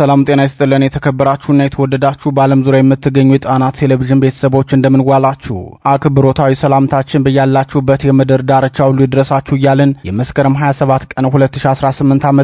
ሰላም ጤና ይስጥልን። የተከበራችሁና የተወደዳችሁ በዓለም ዙሪያ የምትገኙ የጣና ቴሌቪዥን ቤተሰቦች እንደምንዋላችሁ አክብሮታዊ ሰላምታችን በያላችሁበት የምድር ዳርቻ ሁሉ ይድረሳችሁ እያልን የመስከረም 27 ቀን 2018 ዓ.ም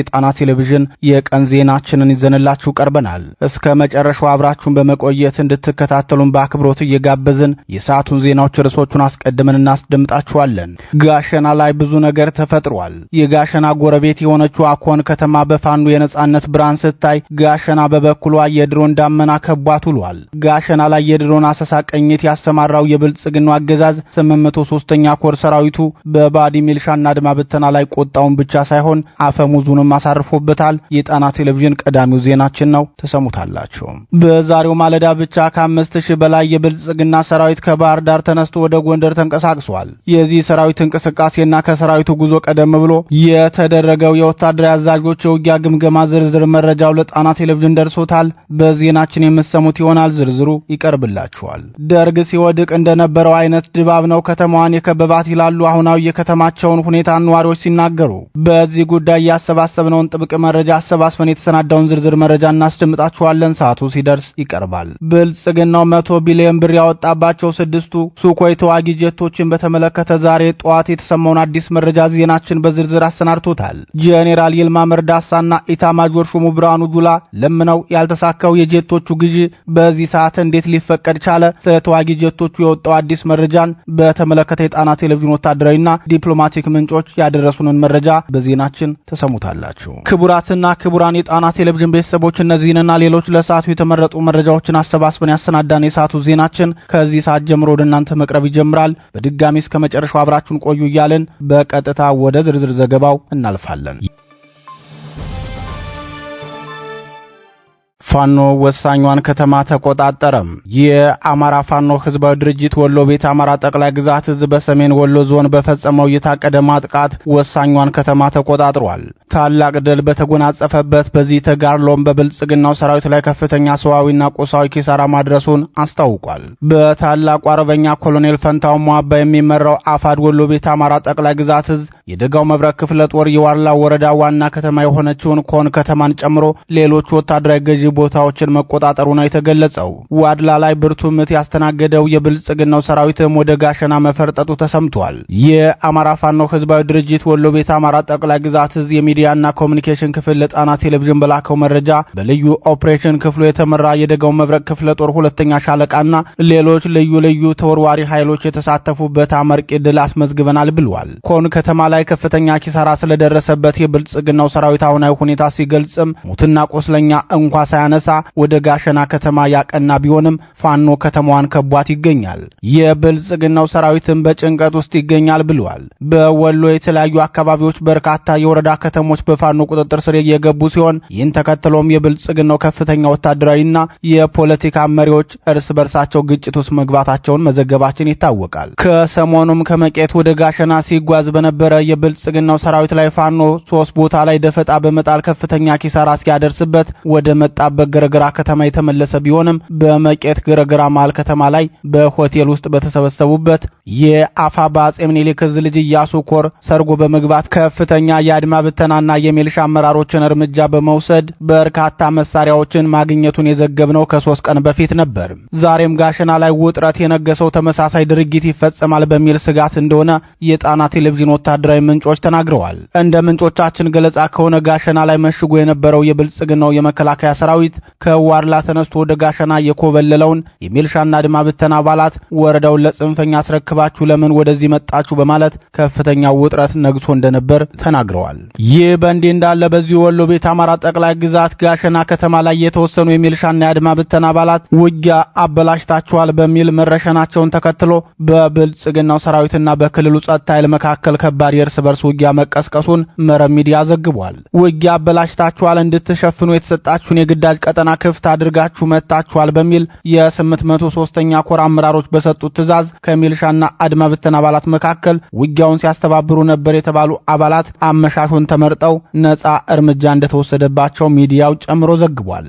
የጣና ቴሌቪዥን የቀን ዜናችንን ይዘንላችሁ ቀርበናል። እስከ መጨረሻው አብራችሁን በመቆየት እንድትከታተሉን በአክብሮት እየጋበዝን የሰዓቱን ዜናዎች ርዕሶቹን አስቀድመን እናስደምጣችኋለን። ጋሸና ላይ ብዙ ነገር ተፈጥሯል። የጋሸና ጎረቤት የሆነችው አኮን ከተማ በፋኑ የነጻነት ብርሃን ስትታይ፣ ጋሸና በበኩሏ የድሮን ዳመና ከቧት ውሏል። ጋሸና ላይ የድሮን አሰሳ ቅኝት ያሰማራው የብልጽግናው አገዛዝ 803ኛ ኮር ሰራዊቱ በባዲ ሚልሻና አድማ ብተና ላይ ቆጣውን ብቻ ሳይሆን አፈሙዙንም አሳርፎበታል። የጣና ቴሌቪዥን ቀዳሚው ዜናችን ነው፣ ተሰሙታላችሁ። በዛሬው ማለዳ ብቻ ከአምስት ሺህ በላይ የብልጽግና ሰራዊት ከባህር ዳር ተነስቶ ወደ ጎንደር ተንቀሳቅሷል። የዚህ ሰራዊት እንቅስቃሴና ከሰራዊቱ ጉዞ ቀደም ብሎ የተደረገው የወታደራዊ አዛዦች የውጊያ ግምገማ ዝርዝር መረጃ መረጃው ለጣና ቴሌቪዥን ደርሶታል። በዜናችን የምትሰሙት ይሆናል። ዝርዝሩ ይቀርብላችኋል። ደርግ ሲወድቅ እንደነበረው አይነት ድባብ ነው ከተማዋን የከበባት ይላሉ አሁናዊ የከተማቸውን ሁኔታ ነዋሪዎች ሲናገሩ። በዚህ ጉዳይ ያሰባሰብነውን ጥብቅ መረጃ አሰባስበን የተሰናዳውን ዝርዝር መረጃ እናስደምጣችኋለን። ሰዓቱ ሲደርስ ይቀርባል። ብልጽግናው መቶ ቢሊዮን ብር ያወጣባቸው ስድስቱ ሱኮይ ተዋጊ ጀቶችን በተመለከተ ዛሬ ጠዋት የተሰማውን አዲስ መረጃ ዜናችን በዝርዝር አሰናድቶታል። ጄኔራል ይልማ መርዳሳና ኢታማጆር ሹሙ ብርሃኑ ብርሃኑ ጁላ ለምነው ያልተሳካው የጀቶቹ ግዢ በዚህ ሰዓት እንዴት ሊፈቀድ ቻለ? ስለ ተዋጊ የወጣው አዲስ መረጃን በተመለከተ የጣና ቴሌቪዥን ወታደራዊና ዲፕሎማቲክ ምንጮች ያደረሱንን መረጃ በዜናችን ተሰሙታላችሁ። ክቡራትና ክቡራን የጣና ቴሌቪዥን ቤተሰቦች እነዚህንና ሌሎች ለሰዓቱ የተመረጡ መረጃዎችን አሰባስበን ያሰናዳን የሰዓቱ ዜናችን ከዚህ ሰዓት ጀምሮ ወደ እናንተ መቅረብ ይጀምራል። በድጋሚ እስከ መጨረሻው አብራችሁን ቆዩ እያልን በቀጥታ ወደ ዝርዝር ዘገባው እናልፋለን። ፋኖ ወሳኟን ከተማ ተቆጣጠረም የአማራ ፋኖ ህዝባዊ ድርጅት ወሎ ቤት አማራ ጠቅላይ ግዛት እዝ በሰሜን ወሎ ዞን በፈጸመው የታቀደ ማጥቃት ወሳኟን ከተማ ተቆጣጥሯል። ታላቅ ድል በተጎናጸፈበት በዚህ ተጋድሎም በብልጽግናው ሰራዊት ላይ ከፍተኛ ሰዋዊና ቁሳዊ ኪሳራ ማድረሱን አስታውቋል። በታላቁ አርበኛ ኮሎኔል ፈንታው ሟባ የሚመራው አፋድ ወሎ ቤት አማራ ጠቅላይ ግዛት እዝ የደጋው መብረቅ ክፍለ ጦር የዋርላ ወረዳ ዋና ከተማ የሆነችውን ኮን ከተማን ጨምሮ ሌሎች ወታደራዊ ገዢ ቦታዎችን መቆጣጠሩ ነው የተገለጸው። ዋድላ ላይ ብርቱ ምት ያስተናገደው የብልጽግናው ሰራዊትም ወደ ጋሸና መፈርጠጡ ተሰምቷል። የአማራ ፋኖ ህዝባዊ ድርጅት ወሎ ቤት አማራ ጠቅላይ ግዛት እዝ የሚዲያና ኮሚኒኬሽን ክፍል ለጣና ቴሌቪዥን በላከው መረጃ በልዩ ኦፕሬሽን ክፍሉ የተመራ የደጋው መብረቅ ክፍለ ጦር ሁለተኛ ሻለቃና ሌሎች ልዩ ልዩ ተወርዋሪ ኃይሎች የተሳተፉበት አመርቂ ድል አስመዝግበናል ብሏል። ኮን ከተማ ላይ ላይ ከፍተኛ ኪሳራ ስለደረሰበት የብልጽግናው ሰራዊት አሁናዊ ሁኔታ ሲገልጽም ሙትና ቆስለኛ እንኳ ሳያነሳ ወደ ጋሸና ከተማ ያቀና ቢሆንም ፋኖ ከተማዋን ከቧት ይገኛል። የብልጽግናው ሰራዊትም በጭንቀት ውስጥ ይገኛል ብሏል። በወሎ የተለያዩ አካባቢዎች በርካታ የወረዳ ከተሞች በፋኖ ቁጥጥር ስር የገቡ ሲሆን ይህን ተከትሎም የብልጽግናው ከፍተኛ ወታደራዊና የፖለቲካ መሪዎች እርስ በርሳቸው ግጭት ውስጥ መግባታቸውን መዘገባችን ይታወቃል። ከሰሞኑም ከመቄት ወደ ጋሸና ሲጓዝ በነበረ የብልጽግናው ሰራዊት ላይ ፋኖ ሶስት ቦታ ላይ ደፈጣ በመጣል ከፍተኛ ኪሳራ ሲያደርስበት ወደ መጣበት ግርግራ ከተማ የተመለሰ ቢሆንም በመቄት ግርግራ መሃል ከተማ ላይ በሆቴል ውስጥ በተሰበሰቡበት የአፋባ አፄ ምኒልክ ልጅ እያሱ ኮር ሰርጎ በመግባት ከፍተኛ የአድማ ብተናና የሚልሻ አመራሮችን እርምጃ በመውሰድ በርካታ መሳሪያዎችን ማግኘቱን የዘገብነው ከሶስት ቀን በፊት ነበር። ዛሬም ጋሸና ላይ ውጥረት የነገሰው ተመሳሳይ ድርጊት ይፈጸማል በሚል ስጋት እንደሆነ የጣና ቴሌቪዥን ወታደራዊ ወታደራዊ ምንጮች ተናግረዋል። እንደ ምንጮቻችን ገለጻ ከሆነ ጋሸና ላይ መሽጎ የነበረው የብልጽግናው የመከላከያ ሰራዊት ከዋርላ ተነስቶ ወደ ጋሸና የኮበለለውን የሚልሻና ድማ ብተና አባላት ወረዳውን ለጽንፈኛ አስረክባችሁ ለምን ወደዚህ መጣችሁ በማለት ከፍተኛ ውጥረት ነግሶ እንደነበር ተናግረዋል። ይህ በእንዲህ እንዳለ በዚህ ወሎ ቤት አማራ ጠቅላይ ግዛት ጋሸና ከተማ ላይ የተወሰኑ የሚልሻና የአድማ ብተና አባላት ውጊያ አበላሽታችኋል በሚል መረሸናቸውን ተከትሎ በብልጽግናው ሰራዊትና በክልሉ ጸጥታ ኃይል መካከል ከባድ የእርስ በርስ ውጊያ መቀስቀሱን መረብ ሚዲያ ዘግቧል። ውጊያ አበላሽታችኋል፣ እንድትሸፍኑ የተሰጣችሁን የግዳጅ ቀጠና ክፍት አድርጋችሁ መታችኋል በሚል የ803ኛ ኮር አመራሮች በሰጡት ትዕዛዝ ከሚልሻና አድማ ብተን አባላት መካከል ውጊያውን ሲያስተባብሩ ነበር የተባሉ አባላት አመሻሹን ተመርጠው ነፃ እርምጃ እንደተወሰደባቸው ሚዲያው ጨምሮ ዘግቧል።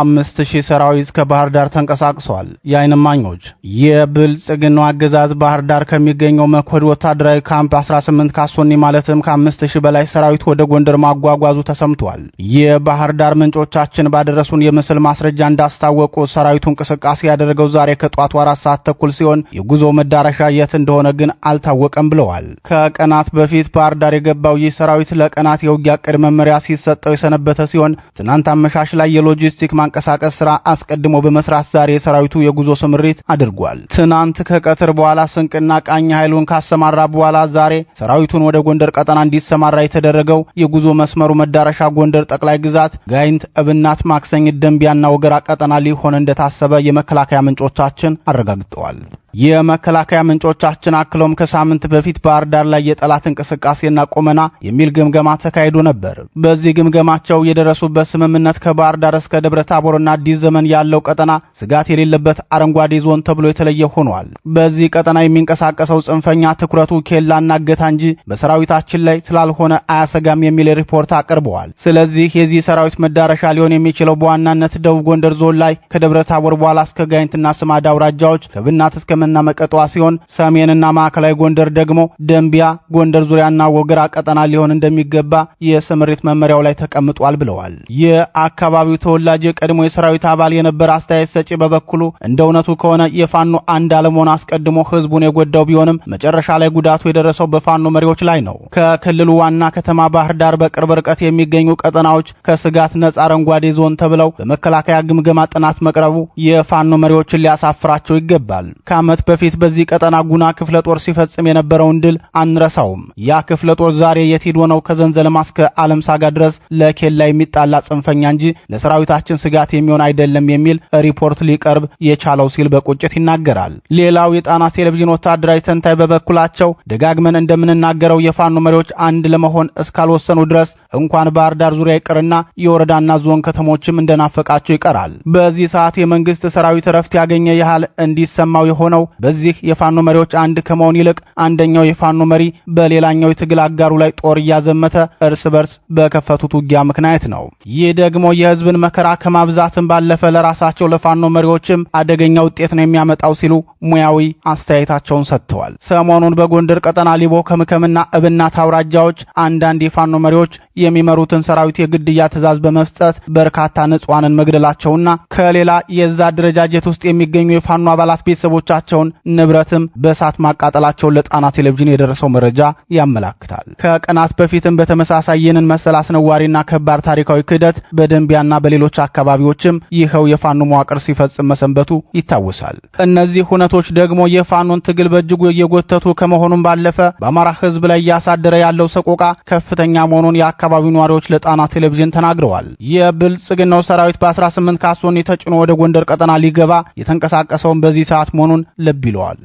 አምስት ሺህ ሰራዊት ከባህር ዳር ተንቀሳቅሷል። የአይን ማኞች የብልጽግናው አገዛዝ ባህር ዳር ከሚገኘው መኮድ ወታደራዊ ካምፕ 18 ካሶኒ ማለትም ከአምስት ሺህ በላይ ሰራዊት ወደ ጎንደር ማጓጓዙ ተሰምቷል። የባህር ዳር ምንጮቻችን ባደረሱን የምስል ማስረጃ እንዳስታወቁ ሰራዊቱ እንቅስቃሴ ያደረገው ዛሬ ከጧቱ አራት ሰዓት ተኩል ሲሆን የጉዞ መዳረሻ የት እንደሆነ ግን አልታወቀም ብለዋል። ከቀናት በፊት ባህር ዳር የገባው ይህ ሰራዊት ለቀናት የውጊያ ቅድ መመሪያ ሲሰጠው የሰነበተ ሲሆን ትናንት አመሻሽ ላይ የሎጂስቲክ ማንቀሳቀስ ስራ አስቀድሞ በመስራት ዛሬ የሰራዊቱ የጉዞ ስምሪት አድርጓል። ትናንት ከቀትር በኋላ ስንቅና ቃኝ ኃይሉን ካሰማራ በኋላ ዛሬ ሰራዊቱን ወደ ጎንደር ቀጠና እንዲሰማራ የተደረገው የጉዞ መስመሩ መዳረሻ ጎንደር ጠቅላይ ግዛት ጋይንት፣ እብናት፣ ማክሰኝት፣ ደንቢያና ወገራ ቀጠና ሊሆን እንደታሰበ የመከላከያ ምንጮቻችን አረጋግጠዋል። የመከላከያ ምንጮቻችን አክለውም ከሳምንት በፊት ባህር ዳር ላይ የጠላት እንቅስቃሴና ቁመና የሚል ግምገማ ተካሂዶ ነበር። በዚህ ግምገማቸው የደረሱበት ስምምነት ከባህር ዳር እስከ ደብረ ታቦርና አዲስ ዘመን ያለው ቀጠና ስጋት የሌለበት አረንጓዴ ዞን ተብሎ የተለየ ሆኗል። በዚህ ቀጠና የሚንቀሳቀሰው ጽንፈኛ ትኩረቱ ኬላና እገታ እንጂ በሰራዊታችን ላይ ስላልሆነ አያሰጋም የሚል ሪፖርት አቅርበዋል። ስለዚህ የዚህ ሰራዊት መዳረሻ ሊሆን የሚችለው በዋናነት ደቡብ ጎንደር ዞን ላይ ከደብረ ታቦር በኋላ እስከ ጋይንትና ስማዳ አውራጃዎች ከብናት እስከ ጎጃምና መቀጠዋ ሲሆን ሰሜንና ማዕከላዊ ጎንደር ደግሞ ደንቢያ፣ ጎንደር ዙሪያና ወገራ ቀጠና ሊሆን እንደሚገባ የስምሪት መመሪያው ላይ ተቀምጧል ብለዋል። የአካባቢው ተወላጅ የቀድሞ የሰራዊት አባል የነበረ አስተያየት ሰጪ በበኩሉ እንደ እውነቱ ከሆነ የፋኖ አንድ አለመሆን አስቀድሞ ህዝቡን የጎዳው ቢሆንም መጨረሻ ላይ ጉዳቱ የደረሰው በፋኖ መሪዎች ላይ ነው። ከክልሉ ዋና ከተማ ባህር ዳር በቅርብ ርቀት የሚገኙ ቀጠናዎች ከስጋት ነጻ አረንጓዴ ዞን ተብለው በመከላከያ ግምገማ ጥናት መቅረቡ የፋኖ መሪዎችን ሊያሳፍራቸው ይገባል። ዓመት በፊት በዚህ ቀጠና ጉና ክፍለ ጦር ሲፈጽም የነበረውን ድል አንረሳውም። ያ ክፍለ ጦር ዛሬ የት ሂዶ ነው ከዘንዘልማ እስከ ዓለም ሳጋ ድረስ ለኬላ የሚጣላ ጽንፈኛ እንጂ ለሰራዊታችን ስጋት የሚሆን አይደለም የሚል ሪፖርት ሊቀርብ የቻለው ሲል በቁጭት ይናገራል። ሌላው የጣና ቴሌቪዥን ወታደራዊ ተንታኝ በበኩላቸው ደጋግመን እንደምንናገረው የፋኖ መሪዎች አንድ ለመሆን እስካልወሰኑ ድረስ እንኳን ባህር ዳር ዙሪያ ይቅርና የወረዳና ዞን ከተሞችም እንደናፈቃቸው ይቀራል። በዚህ ሰዓት የመንግስት ሰራዊት እረፍት ያገኘ ያህል እንዲሰማው የሆነው ነው። በዚህ የፋኖ መሪዎች አንድ ከመሆን ይልቅ አንደኛው የፋኖ መሪ በሌላኛው የትግል አጋሩ ላይ ጦር እያዘመተ እርስ በርስ በከፈቱት ውጊያ ምክንያት ነው። ይህ ደግሞ የህዝብን መከራ ከማብዛትም ባለፈ ለራሳቸው ለፋኖ መሪዎችም አደገኛ ውጤት ነው የሚያመጣው ሲሉ ሙያዊ አስተያየታቸውን ሰጥተዋል። ሰሞኑን በጎንደር ቀጠና ሊቦ ከምከምና እብናት አውራጃዎች አንዳንድ የፋኖ መሪዎች የሚመሩትን ሰራዊት የግድያ ትዕዛዝ በመስጠት በርካታ ንጹሐንን መግደላቸውና ከሌላ የዛ አደረጃጀት ውስጥ የሚገኙ የፋኖ አባላት ቤተሰቦቻቸው ያላቸውን ንብረትም በእሳት ማቃጠላቸውን ለጣና ቴሌቪዥን የደረሰው መረጃ ያመላክታል። ከቀናት በፊትም በተመሳሳይ ይህንን መሰል አስነዋሪና ከባድ ታሪካዊ ክህደት በደንቢያና በሌሎች አካባቢዎችም ይኸው የፋኖ መዋቅር ሲፈጽም መሰንበቱ ይታወሳል። እነዚህ ሁነቶች ደግሞ የፋኖን ትግል በእጅጉ እየጎተቱ ከመሆኑም ባለፈ በአማራ ሕዝብ ላይ እያሳደረ ያለው ሰቆቃ ከፍተኛ መሆኑን የአካባቢው ነዋሪዎች ለጣና ቴሌቪዥን ተናግረዋል። የብልጽግናው ሰራዊት በ18 ካሶኒ ተጭኖ ወደ ጎንደር ቀጠና ሊገባ የተንቀሳቀሰውን በዚህ ሰዓት መሆኑን لبلعل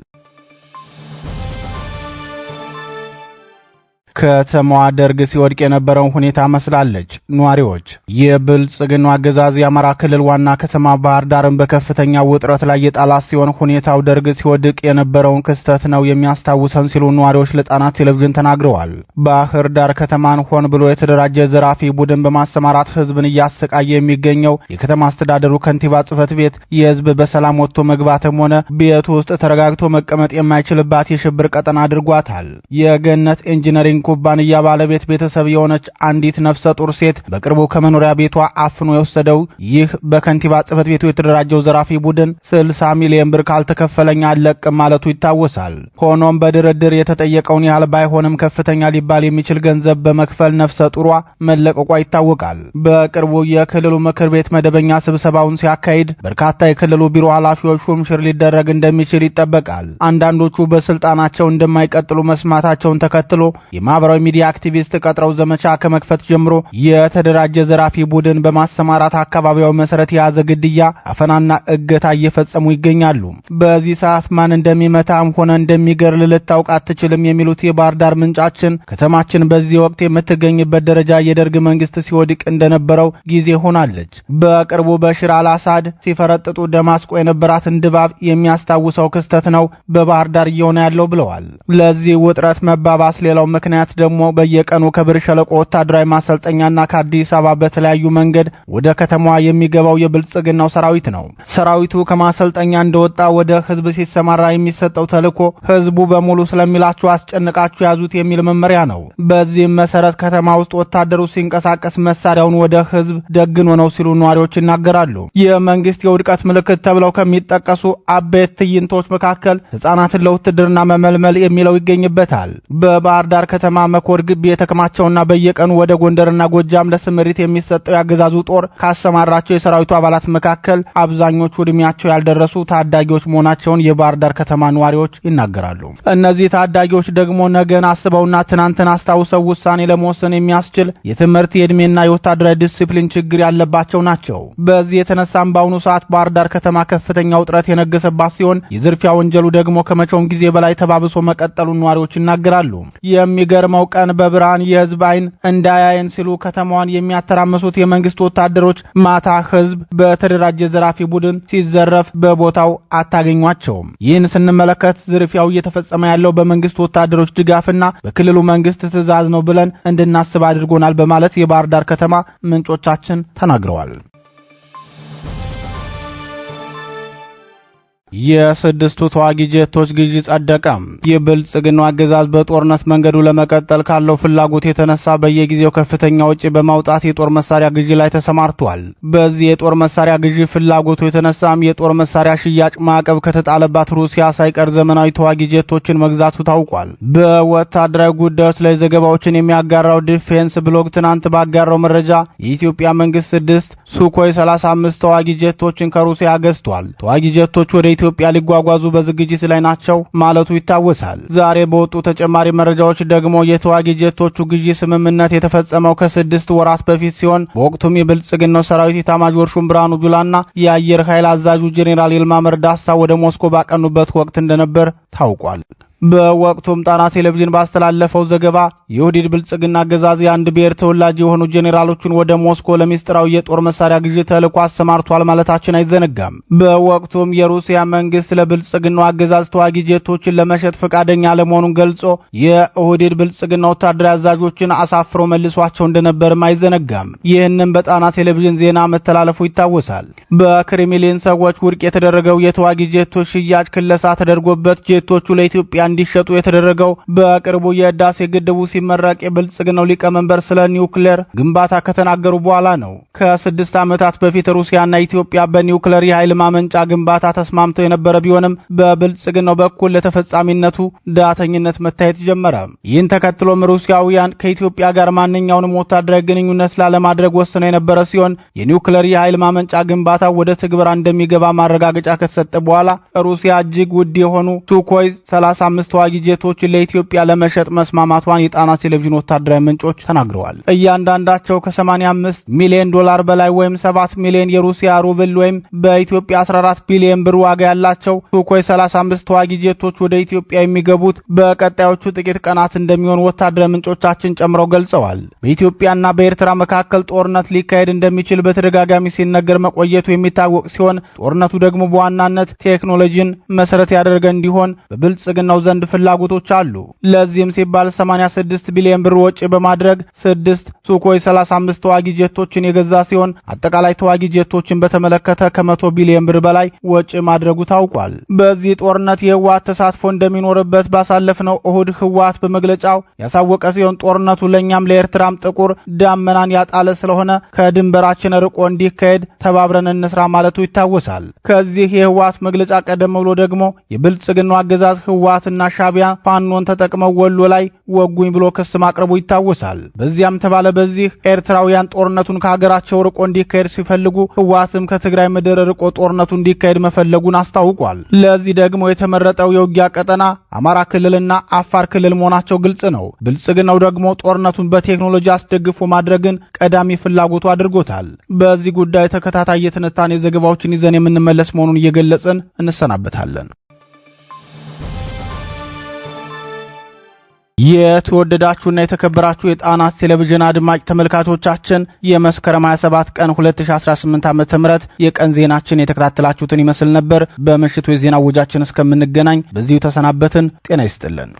ከተማዋ ደርግ ሲወድቅ የነበረውን ሁኔታ መስላለች። ነዋሪዎች የብልጽግናው አገዛዝ የአማራ ክልል ዋና ከተማ ባህር ዳርን በከፍተኛ ውጥረት ላይ የጣላት ሲሆን ሁኔታው ደርግ ሲወድቅ የነበረውን ክስተት ነው የሚያስታውሰን ሲሉ ነዋሪዎች ለጣና ቴሌቪዥን ተናግረዋል። ባህር ዳር ከተማን ሆን ብሎ የተደራጀ ዘራፊ ቡድን በማሰማራት ህዝብን እያሰቃየ የሚገኘው የከተማ አስተዳደሩ ከንቲባ ጽህፈት ቤት የህዝብ በሰላም ወጥቶ መግባትም ሆነ ቤት ውስጥ ተረጋግቶ መቀመጥ የማይችልባት የሽብር ቀጠና አድርጓታል። የገነት ኢንጂነሪንግ ኩባንያ ባለቤት ቤተሰብ የሆነች አንዲት ነፍሰ ጡር ሴት በቅርቡ ከመኖሪያ ቤቷ አፍኖ የወሰደው ይህ በከንቲባ ጽህፈት ቤቱ የተደራጀው ዘራፊ ቡድን 60 ሚሊዮን ብር ካልተከፈለኝ አለቅም ማለቱ ይታወሳል። ሆኖም በድርድር የተጠየቀውን ያህል ባይሆንም ከፍተኛ ሊባል የሚችል ገንዘብ በመክፈል ነፍሰ ጡሯ መለቀቋ ይታወቃል። በቅርቡ የክልሉ ምክር ቤት መደበኛ ስብሰባውን ሲያካሂድ በርካታ የክልሉ ቢሮ ኃላፊዎች ሹምሽር ሊደረግ እንደሚችል ይጠበቃል። አንዳንዶቹ በስልጣናቸው እንደማይቀጥሉ መስማታቸውን ተከትሎ የማህበራዊ ሚዲያ አክቲቪስት ቀጥረው ዘመቻ ከመክፈት ጀምሮ የተደራጀ ዘራፊ ቡድን በማሰማራት አካባቢያዊ መሰረት የያዘ ግድያ፣ አፈናና እገታ እየፈጸሙ ይገኛሉ። በዚህ ሰዓት ማን እንደሚመታም ሆነ እንደሚገርል ልታውቅ አትችልም የሚሉት የባህር ዳር ምንጫችን ከተማችን በዚህ ወቅት የምትገኝበት ደረጃ የደርግ መንግስት ሲወድቅ እንደነበረው ጊዜ ሆናለች። በቅርቡ በሽር አልአሳድ ሲፈረጥጡ ደማስቆ የነበራትን ድባብ የሚያስታውሰው ክስተት ነው በባህር ዳር እየሆነ ያለው ብለዋል። ለዚህ ውጥረት መባባስ ሌላው ምክንያት ምክንያት ደግሞ በየቀኑ ከብር ሸለቆ ወታደራዊ ማሰልጠኛና ከአዲስ አበባ በተለያዩ መንገድ ወደ ከተማዋ የሚገባው የብልጽግናው ሰራዊት ነው። ሰራዊቱ ከማሰልጠኛ እንደወጣ ወደ ህዝብ ሲሰማራ የሚሰጠው ተልዕኮ ህዝቡ በሙሉ ስለሚላችሁ አስጨንቃችሁ ያዙት የሚል መመሪያ ነው። በዚህም መሰረት ከተማ ውስጥ ወታደሩ ሲንቀሳቀስ መሳሪያውን ወደ ህዝብ ደግኖ ነው ሲሉ ነዋሪዎች ይናገራሉ። የመንግስት የውድቀት ምልክት ተብለው ከሚጠቀሱ አበይት ትዕይንቶች መካከል ህጻናትን ለውትድርና መመልመል የሚለው ይገኝበታል። በባህር ዳር ከተማ ከተማ መኮር ግቢ የተከማቸውና በየቀኑ ወደ ጎንደርና ጎጃም ለስምሪት የሚሰጠው የአገዛዙ ጦር ካሰማራቸው የሰራዊቱ አባላት መካከል አብዛኞቹ እድሜያቸው ያልደረሱ ታዳጊዎች መሆናቸውን የባህር ዳር ከተማ ነዋሪዎች ይናገራሉ። እነዚህ ታዳጊዎች ደግሞ ነገን አስበውና ትናንትን አስታውሰው ውሳኔ ለመወሰን የሚያስችል የትምህርት የእድሜና የወታደራዊ ዲሲፕሊን ችግር ያለባቸው ናቸው። በዚህ የተነሳም በአሁኑ ሰዓት ባህር ዳር ከተማ ከፍተኛ ውጥረት የነገሰባት ሲሆን የዝርፊያ ወንጀሉ ደግሞ ከመቼውም ጊዜ በላይ ተባብሶ መቀጠሉን ነዋሪዎች ይናገራሉ። የሚገርመው ቀን በብርሃን የህዝብ አይን እንዳያየን ሲሉ ከተማዋን የሚያተራምሱት የመንግስት ወታደሮች ማታ ህዝብ በተደራጀ ዘራፊ ቡድን ሲዘረፍ በቦታው አታገኟቸውም። ይህን ስንመለከት ዝርፊያው እየተፈጸመ ያለው በመንግስት ወታደሮች ድጋፍና በክልሉ መንግስት ትዕዛዝ ነው ብለን እንድናስብ አድርጎናል በማለት የባህር ዳር ከተማ ምንጮቻችን ተናግረዋል። የስድስቱ ተዋጊ ጀቶች ግዢ ጸደቀ። የብልጽግናው አገዛዝ በጦርነት መንገዱ ለመቀጠል ካለው ፍላጎት የተነሳ በየጊዜው ከፍተኛ ውጪ በማውጣት የጦር መሳሪያ ግዢ ላይ ተሰማርቷል። በዚህ የጦር መሳሪያ ግዢ ፍላጎቱ የተነሳም የጦር መሳሪያ ሽያጭ ማዕቀብ ከተጣለባት ሩሲያ ሳይቀር ዘመናዊ ተዋጊ ጀቶችን መግዛቱ ታውቋል። በወታደራዊ ጉዳዮች ላይ ዘገባዎችን የሚያጋራው ዲፌንስ ብሎግ ትናንት ባጋራው መረጃ የኢትዮጵያ መንግስት ስድስት ሱኮይ 35 ተዋጊ ጀቶችን ከሩሲያ ገዝቷል። ተዋጊ ጀቶች ወደ ኢትዮጵያ ሊጓጓዙ በዝግጅት ላይ ናቸው ማለቱ ይታወሳል። ዛሬ በወጡ ተጨማሪ መረጃዎች ደግሞ የተዋጊ ጀቶቹ ግዢ ስምምነት የተፈጸመው ከስድስት ወራት በፊት ሲሆን በወቅቱም የብልጽግናው ሰራዊት ኢታማዦር ሹም ብርሃኑ ጁላና የአየር ኃይል አዛዡ ጄኔራል ይልማ መርዳሳ ወደ ሞስኮ ባቀኑበት ወቅት እንደነበር ታውቋል። በወቅቱም ጣና ቴሌቪዥን ባስተላለፈው ዘገባ የኦህዴድ ብልጽግና አገዛዝ የአንድ ብሔር ተወላጅ የሆኑ ጄኔራሎቹን ወደ ሞስኮ ለሚስጥራዊ የጦር መሳሪያ ግዢ ተልዕኮ አሰማርቷል ማለታችን አይዘነጋም። በወቅቱም የሩሲያ መንግስት ለብልጽግናው አገዛዝ ተዋጊ ጄቶችን ለመሸጥ ፈቃደኛ አለመሆኑን ገልጾ የኦህዴድ ብልጽግና ወታደራዊ አዛዦችን አሳፍሮ መልሷቸው እንደነበርም አይዘነጋም። ይህንም በጣና ቴሌቪዥን ዜና መተላለፉ ይታወሳል። በክሬምሊን ሰዎች ውድቅ የተደረገው የተዋጊ ጄቶች ሽያጭ ክለሳ ተደርጎበት ጄቶቹ ለኢትዮጵያ እንዲሸጡ የተደረገው በቅርቡ የህዳሴ ግድቡ ሲመረቅ የብልጽግናው ሊቀመንበር ስለ ኒውክሌር ግንባታ ከተናገሩ በኋላ ነው። ከስድስት ዓመታት በፊት ሩሲያና ኢትዮጵያ በኒውክሌር የኃይል ማመንጫ ግንባታ ተስማምተው የነበረ ቢሆንም በብልጽግናው በኩል ለተፈጻሚነቱ ዳተኝነት መታየት ጀመረ። ይህን ተከትሎም ሩሲያውያን ከኢትዮጵያ ጋር ማንኛውንም ወታደራዊ ግንኙነት ላለማድረግ ወስነው የነበረ ሲሆን የኒውክሌር የኃይል ማመንጫ ግንባታ ወደ ትግበራ እንደሚገባ ማረጋገጫ ከተሰጠ በኋላ ሩሲያ እጅግ ውድ የሆኑ ቱኮይ 35 አምስት ተዋጊ ለኢትዮጵያ ለመሸጥ መስማማቷን የጣና ቴሌቪዥን ወታደራዊ ምንጮች ተናግረዋል። እያንዳንዳቸው ከ85 ሚሊዮን ዶላር በላይ ወይም 7 ሚሊዮን የሩሲያ ሩብል ወይም በኢትዮጵያ 14 ቢሊዮን ብር ዋጋ ያላቸው ሱኮይ 35 ተዋጊ ጄቶች ወደ ኢትዮጵያ የሚገቡት በቀጣዮቹ ጥቂት ቀናት እንደሚሆን ወታደራዊ ምንጮቻችን ጨምረው ገልጸዋል። በኢትዮጵያና በኤርትራ መካከል ጦርነት ሊካሄድ እንደሚችል በተደጋጋሚ ሲነገር መቆየቱ የሚታወቅ ሲሆን ጦርነቱ ደግሞ በዋናነት ቴክኖሎጂን መሰረት ያደረገ እንዲሆን በብልጽግናው ዘንድ ፍላጎቶች አሉ። ለዚህም ሲባል 86 ቢሊዮን ብር ወጪ በማድረግ ስድስት ሱኮይ 35 ተዋጊ ጄቶችን የገዛ ሲሆን አጠቃላይ ተዋጊ ጄቶችን በተመለከተ ከ100 ቢሊዮን ብር በላይ ወጪ ማድረጉ ታውቋል። በዚህ ጦርነት የህወሓት ተሳትፎ እንደሚኖርበት ባሳለፍነው እሁድ ህወሓት በመግለጫው ያሳወቀ ሲሆን ጦርነቱ ለእኛም ለኤርትራም ጥቁር ዳመናን ያጣለ ስለሆነ ከድንበራችን ርቆ እንዲካሄድ ተባብረን እንስራ ማለቱ ይታወሳል። ከዚህ የህወሓት መግለጫ ቀደም ብሎ ደግሞ የብልጽግናው አገዛዝ ህወሓትና ህወሓትና ሻቢያ ፋኖን ተጠቅመው ወሎ ላይ ወጉኝ ብሎ ክስ ማቅረቡ ይታወሳል። በዚያም ተባለ በዚህ ኤርትራውያን ጦርነቱን ከሀገራቸው ርቆ እንዲካሄድ ሲፈልጉ፣ ህወሓትም ከትግራይ ምድር ርቆ ጦርነቱ እንዲካሄድ መፈለጉን አስታውቋል። ለዚህ ደግሞ የተመረጠው የውጊያ ቀጠና አማራ ክልልና አፋር ክልል መሆናቸው ግልጽ ነው። ብልጽግናው ደግሞ ጦርነቱን በቴክኖሎጂ አስደግፎ ማድረግን ቀዳሚ ፍላጎቱ አድርጎታል። በዚህ ጉዳይ ተከታታይ የትንታኔ ዘገባዎችን ይዘን የምንመለስ መሆኑን እየገለጽን እንሰናበታለን። የተወደዳችሁና የተከበራችሁ የጣና ቴሌቪዥን አድማጭ ተመልካቾቻችን የመስከረም 27 ቀን 2018 ዓ.ም የቀን ዜናችን የተከታተላችሁትን ይመስል ነበር። በምሽቱ የዜና ወጃችን እስከምንገናኝ በዚሁ ተሰናበትን። ጤና ይስጥልን።